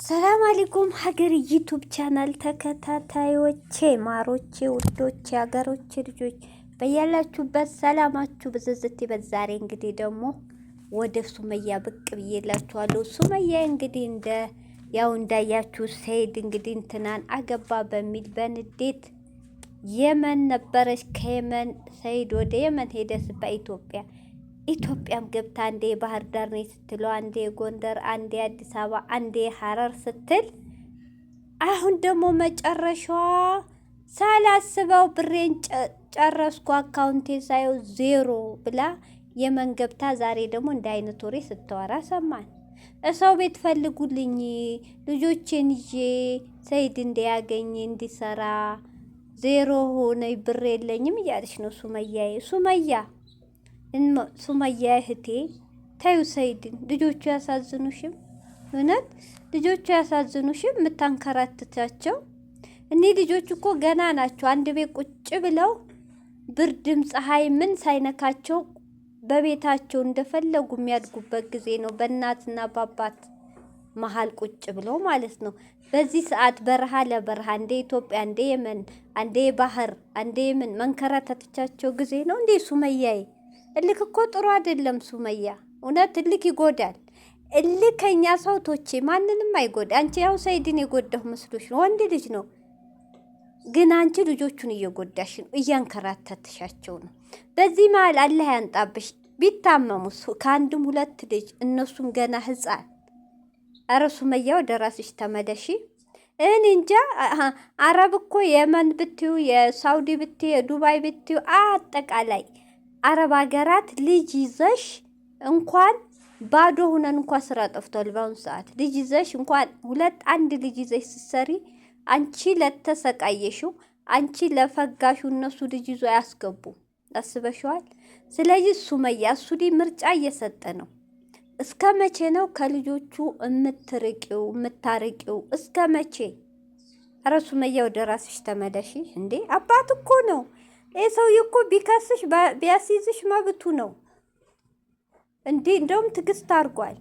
ሰላም አለይኩም ሀገር ዩቱብ ቻናል ተከታታዮቼ፣ ማሮቼ፣ ውዶቼ፣ ሀገሮቼ ልጆች በያላችሁበት ሰላማችሁ ብዝዝት ይበል። ዛሬ እንግዲህ ደግሞ ወደ ሱመያ ብቅ ብዬላችኋለሁ። ሱመያ እንግዲህ እንደ ያው እንዳያችሁ ሰይድ እንግዲህ እንትናን አገባ በሚል በንዴት የመን ነበረች። ከየመን ሰይድ ወደ የመን ሄደስ በኢትዮጵያ ኢትዮጵያም ገብታ አንዴ ባህር ዳር ነኝ ስትለው፣ አንዴ ጎንደር፣ አንዴ አዲስ አበባ፣ አንዴ ሀረር ስትል፣ አሁን ደግሞ መጨረሻዋ ሳላስበው ብሬን ጨረስኩ አካውንቴ ሳየው ዜሮ ብላ የመን ገብታ ዛሬ ደግሞ እንደ አይነት ወሬ ስታወራ ሰማን። እሰው ቤት ፈልጉልኝ ልጆቼን ይዤ ሰይድ እንዲያገኝ እንዲሰራ ዜሮ ሆነ ብር የለኝም እያለች ነው ሱመያ ሱመያ ሱማያ እህቴ ታዩ ሰይድን ልጆቹ ያሳዝኑሽም፣ እውነት ልጆቹ ያሳዝኑሽም። የምታንከራትታቸው እኒህ ልጆች እኮ ገና ናቸው። አንድ ቤት ቁጭ ብለው ብርድም ፀሐይ ምን ሳይነካቸው በቤታቸው እንደፈለጉ የሚያድጉበት ጊዜ ነው። በእናትና በአባት መሀል ቁጭ ብለው ማለት ነው። በዚህ ሰዓት በረሃ ለበረሃ እንደ ኢትዮጵያ እንደ የመን አንዴ ባህር አንዴ የምን መንከራተቶቻቸው ጊዜ ነው እንዴ ሱመያዬ? እልክ እኮ ጥሩ አይደለም ሱመያ፣ እውነት እልክ ይጎዳል። እልክ ከኛ ሰውቶቼ ማንንም አይጎዳ። አንቺ ያው ሰይድን የጎዳሁ መስሎች ነው። ወንድ ልጅ ነው፣ ግን አንቺ ልጆቹን እየጎዳሽ ነው፣ እያንከራተትሻቸው ነው። በዚህ መሀል አላህ ያንጣብሽ። ቢታመሙስ ከአንድም ሁለት ልጅ እነሱም ገና ህፃን። ኧረ ሱመያ ወደ ራስሽ ተመለሺ። እኔ እንጃ አረብ እኮ የመን ብትዩ፣ የሳውዲ ብትዩ፣ የዱባይ ብትዩ አጠቃላይ አረብ ሀገራት ልጅ ይዘሽ እንኳን ባዶ ሁነን እንኳን ስራ ጠፍቷል። በአሁኑ ሰዓት ልጅ ይዘሽ እንኳን ሁለት አንድ ልጅ ይዘሽ ስትሰሪ አንቺ ለተሰቃየሽው አንቺ ለፈጋሹ እነሱ ልጅ ይዞ ያስገቡ አስበሽዋል? ስለዚህ ሱመያ እሱ ምርጫ እየሰጠ ነው። እስከ መቼ ነው ከልጆቹ የምትርቂው የምታርቂው? እስከ መቼ? ኧረ ሱመያ ወደ ራስሽ ተመለሺ እንዴ! አባት እኮ ነው። ይህ ሰውዬ እኮ ቢከስሽ ቢያስይዝሽ መብቱ ነው እንዴ! እንደውም ትዕግስት አድርጓል።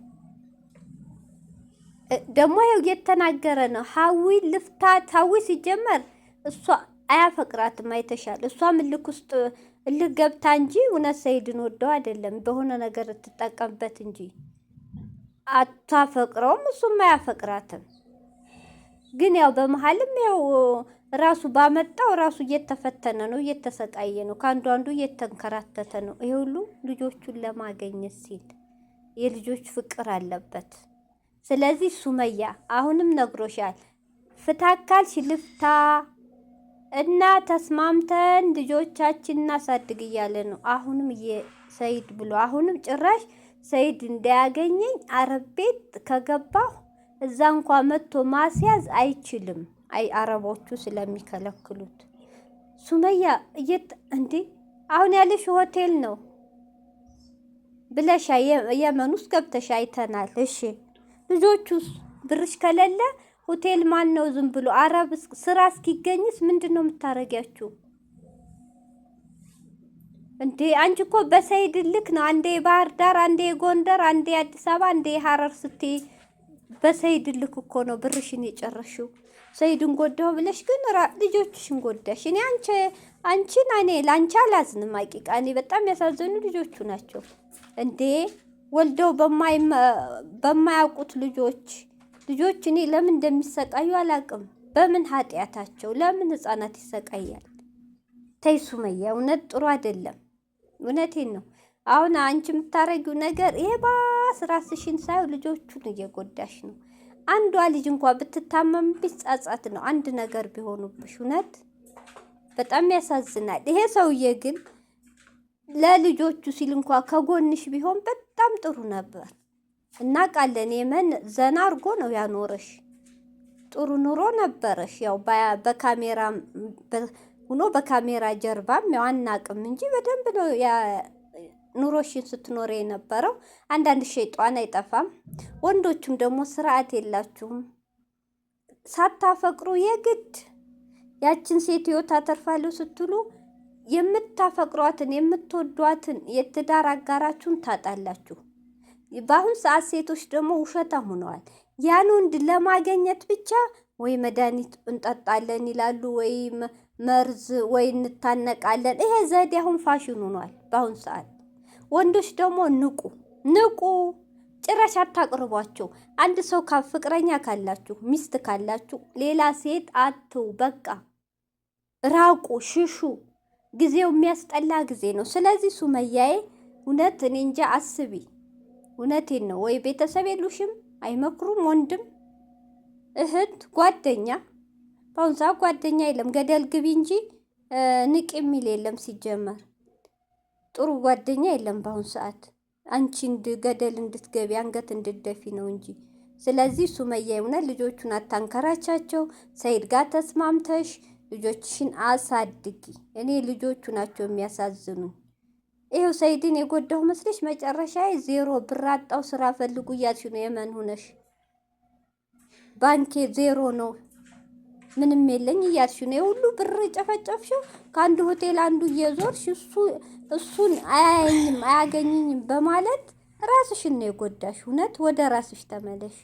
ደግሞ ያው እየተናገረ ነው። ሀዊ ልፍታት። ሀዊ ሲጀመር እሷ አያፈቅራትም፣ አይተሻል። እሷም እልክ ውስጥ እልክ ገብታ እንጂ እውነት ሰይድን ወደው አይደለም፣ በሆነ ነገር ትጠቀምበት እንጂ አታፈቅረውም፣ እሱም አያፈቅራትም። ግን ያው በመሀልም ያው ራሱ ባመጣው ራሱ እየተፈተነ ነው፣ እየተሰቃየ ነው፣ ከአንዱ አንዱ እየተንከራተተ ነው። ይሄ ሁሉ ልጆቹን ለማገኘት ሲል የልጆች ፍቅር አለበት። ስለዚህ ሱመያ አሁንም ነግሮሻል። ፍታካል ሽልፍታ እና ተስማምተን ልጆቻችን እናሳድግ እያለ ነው። አሁንም ሰይድ ብሎ አሁንም ጭራሽ ሰይድ እንዳያገኘኝ አረብ ቤት ከገባሁ እዛ እንኳ መጥቶ ማስያዝ አይችልም። አይ አረቦቹ ስለሚከለክሉት። ሱመያ እየት እንዴ አሁን ያለሽ ሆቴል ነው ብለሻ የመን ውስጥ ገብተሽ አይተናል። እሺ ልጆቹስ ብርሽ ከሌለ ሆቴል ማን ነው ዝም ብሎ አረብ ስራ እስኪገኝስ ምንድን ነው የምታረጊያችሁ? እንዴ አንቺ እኮ በሰይድ ልክ ነው። አንዴ ባህር ዳር፣ አንዴ ጎንደር፣ አንዴ አዲስ አበባ፣ አንዴ የሀረር ስትይ በሰይድ ልክ እኮ ነው ብርሽን የጨረሽው። ሰይድን እንጎዳው ብለሽ ግን ልጆችሽን ጎዳሽ። እኔ አንቺ አንቺን እኔ ለአንቺ አላዝንም። አቂቃ እኔ በጣም ያሳዘኑ ልጆቹ ናቸው እንዴ ወልደው በማያውቁት ልጆች ልጆች እኔ ለምን እንደሚሰቃዩ አላውቅም። በምን ኃጢአታቸው ለምን ህፃናት ይሰቃያል? ተይ ሱመያ፣ እውነት ጥሩ አይደለም። እውነቴን ነው። አሁን አንቺ የምታረጊው ነገር ይሄ ራስሽን ሳይሆን ልጆቹን እየጎዳሽ ነው። አንዷ ልጅ እንኳ ብትታመም ቢጻጻት ነው፣ አንድ ነገር ቢሆኑብሽ። እውነት በጣም ያሳዝናል። ይሄ ሰውዬ ግን ለልጆቹ ሲል እንኳ ከጎንሽ ቢሆን በጣም ጥሩ ነበር። እናውቃለን፣ የመን ዘና አድርጎ ነው ያኖረሽ። ጥሩ ኑሮ ነበረሽ። ያው በካሜራ ሆኖ በካሜራ ጀርባም ያው አናቅም እንጂ በደንብ ነው ኑሮሽን ስትኖር የነበረው። አንዳንድ ሸይጧን አይጠፋም። ወንዶቹም ደግሞ ስርዓት የላችሁም። ሳታፈቅሩ የግድ ያችን ሴት ህይወት አተርፋለሁ ስትሉ የምታፈቅሯትን የምትወዷትን የትዳር አጋራችሁን ታጣላችሁ። በአሁን ሰዓት ሴቶች ደግሞ ውሸታም ሆነዋል። ያን ወንድ ለማገኘት ብቻ ወይ መድኃኒት እንጠጣለን ይላሉ፣ ወይ መርዝ፣ ወይ እንታነቃለን። ይሄ ዘዴ አሁን ፋሽን ሆኗል በአሁን ሰዓት ወንዶች ደግሞ ንቁ ንቁ። ጭራሽ አታቅርቧቸው። አንድ ሰው ፍቅረኛ ካላችሁ ሚስት ካላችሁ ሌላ ሴት አትው። በቃ ራቁ፣ ሽሹ። ጊዜው የሚያስጠላ ጊዜ ነው። ስለዚህ ሱመያዬ እውነት እኔ እንጃ አስቢ። እውነቴን ነው። ወይ ቤተሰብ የሉሽም? አይመክሩም? ወንድም፣ እህት፣ ጓደኛ በአሁን ሰዓት ጓደኛ የለም። ገደል ግቢ እንጂ ንቅ የሚል የለም ሲጀመር ጥሩ ጓደኛ የለም በአሁኑ ሰዓት። አንቺ ገደል እንድትገቢ አንገት እንድትደፊ ነው እንጂ። ስለዚህ ሱመያ የሆነ ልጆቹን አታንከራቻቸው። ሰይድ ጋር ተስማምተሽ ልጆችሽን አሳድጊ። እኔ ልጆቹ ናቸው የሚያሳዝኑ። ይኸው ሰይድን የጎዳሁ መስለሽ መጨረሻ ዜሮ ብር አጣው ስራ ፈልጉ እያልሽ ነው የመን ሁነሽ ባንኬ ዜሮ ነው። ምንም የለኝ እያልሽ ነው የሁሉ ብር ጨፈጨፍሽው። ከአንድ ሆቴል አንዱ እየዞርሽ እሱ እሱን አያየኝም አያገኝኝም በማለት ራስሽን ነው የጎዳሽ። እውነት ወደ ራስሽ ተመለሽ።